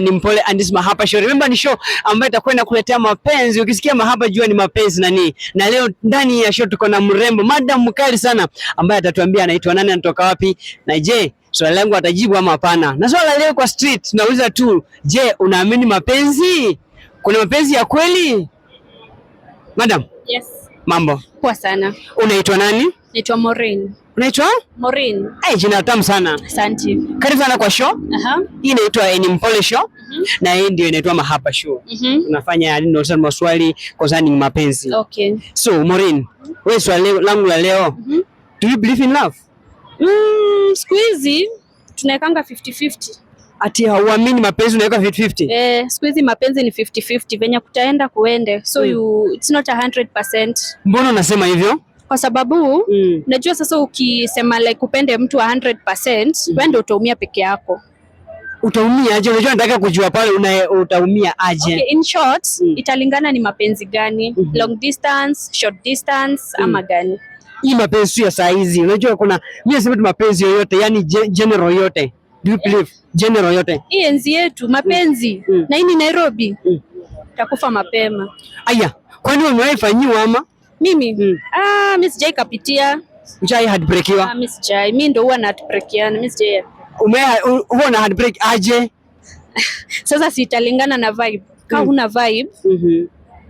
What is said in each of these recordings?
Ni mpole andis Mahaba Show. Remember ni show ambayo itakwenda kuletea mapenzi. Ukisikia mahaba jua ni mapenzi nani. Na leo ndani ya show tuko na mrembo, madam mkali sana ambaye atatuambia anaitwa nani, anatoka wapi na je, swali langu atajibu ama hapana. Na swala leo kwa street tunauliza tu, je, unaamini mapenzi? Kuna mapenzi ya kweli? Madam. Yes. Mambo. Poa sana. Unaitwa nani? Naitwa Maureen. Unaitwa? Maureen. Eh, hey, jina tamu sana. Asante. Karibu sana kwa show. Aha. Hii inaitwa Mpole Show Uh mhm. -huh. na hii ndio inaitwa Mahaba Show. Uh mhm. -huh. Unafanya unauliza maswali concerning mapenzi. Okay. So, Maureen, wewe swali langu la leo. Uh mhm. -huh. Do you believe in love? Mm, siku hizi tunaekanga 50-50. Ati hauamini mapenzi unaweka 50-50? Eh, siku hizi mapenzi ni 50-50. Venye kutaenda kuende. So, mm. you, it's not 100%. Mbona unasema hivyo? kwa sababu mm. najua sasa ukisema like upende mtu 100% mm. wewe ndio utaumia peke yako. Utaumia aje? Unajua, nataka kujua pale utaumia aje. Okay, in short mm. italingana ni mapenzi gani? mm -hmm. long distance, short distance mm. ama gani? Hii mapenzi ya saa hizi, unajua kuna mimi nasema tu mapenzi yoyote, yani general yote, do you believe general yote hii enzi yetu mapenzi mm. Mm. na hii Nairobi mm. takufa mapema. Aya, kwani umewahi fanyiwa ama mimi mm. ah, Ah, mimi sijai kapitia. Mjai heartbreakiwa? Ah, mimi sijai. Mimi ndo huwa na heartbreakiana. Mimi sijai. Ume huwa na heartbreak aje? Sasa sitalingana na vibe. Kama hmm. una vibe, mhm. Mimi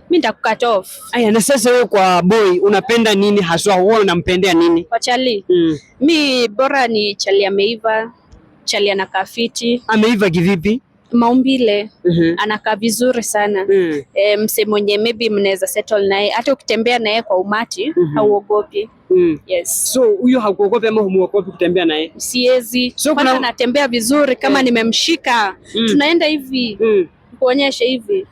nitakukat off. Aya, na sasa wewe kwa boy unapenda nini haswa? Wewe unampendea nini? Kwa chali. Mm. Mimi bora ni chali ameiva. Chali ana kafiti. Ameiva kivipi? maumbile mm -hmm. Anakaa vizuri sana mm. E, mse mwenye maybe mnaweza settle naye hata ukitembea naye kwa umati mm -hmm. hauogopi mm. Yes. So huyo hakuogopi ama humuogopi kutembea naye? Siwezi so, kuna... natembea vizuri kama yeah. nimemshika mm. tunaenda hivi mm. kuonyesha hivi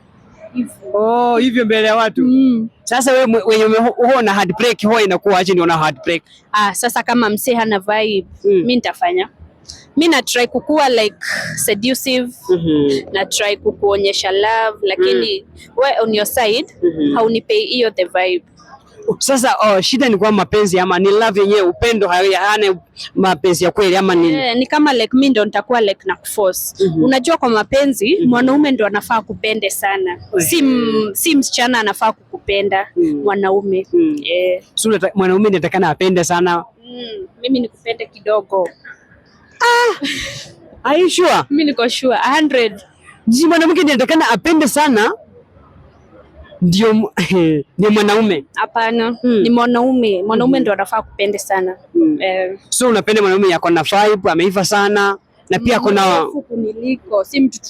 Oh, hivyo mbele ya watu mm. Sasa wenye umeona heartbreak ho inakuwa aje? Niona heartbreak. Ah, sasa kama msee hana vibe mm. mi nitafanya mi na try kukuwa like seducive mm -hmm. na try kukuonyesha love lakini mm. we on your side mm -hmm. haunipei hiyo the vibe. Sasa oh, shida ni kwa mapenzi ama ni love yenyewe, upendo hayana mapenzi ya kweli ama ni yeah, ni kama like mi ndo nitakuwa like na kuforce mm -hmm. Unajua, kwa mapenzi mm -hmm. mwanaume ndo anafaa kupende sana mm -hmm. si, si msichana anafaa kukupenda mm -hmm. mwanaume mm -hmm. yeah. so, mwanaume anatakana apende sana mm, mimi nikupende kidogo Ah, are you sure? Mimi niko sure 100. Ji mwanamke inatakana apende sana ndio ni mwanaume? Hapana, hmm. Ni mwanaume, mwanaume hmm. ndio anafaa kupende sana hmm. Eh. So unapenda mwanaume yako na vibe ameiva sana na pia kuna kuniliko si mtu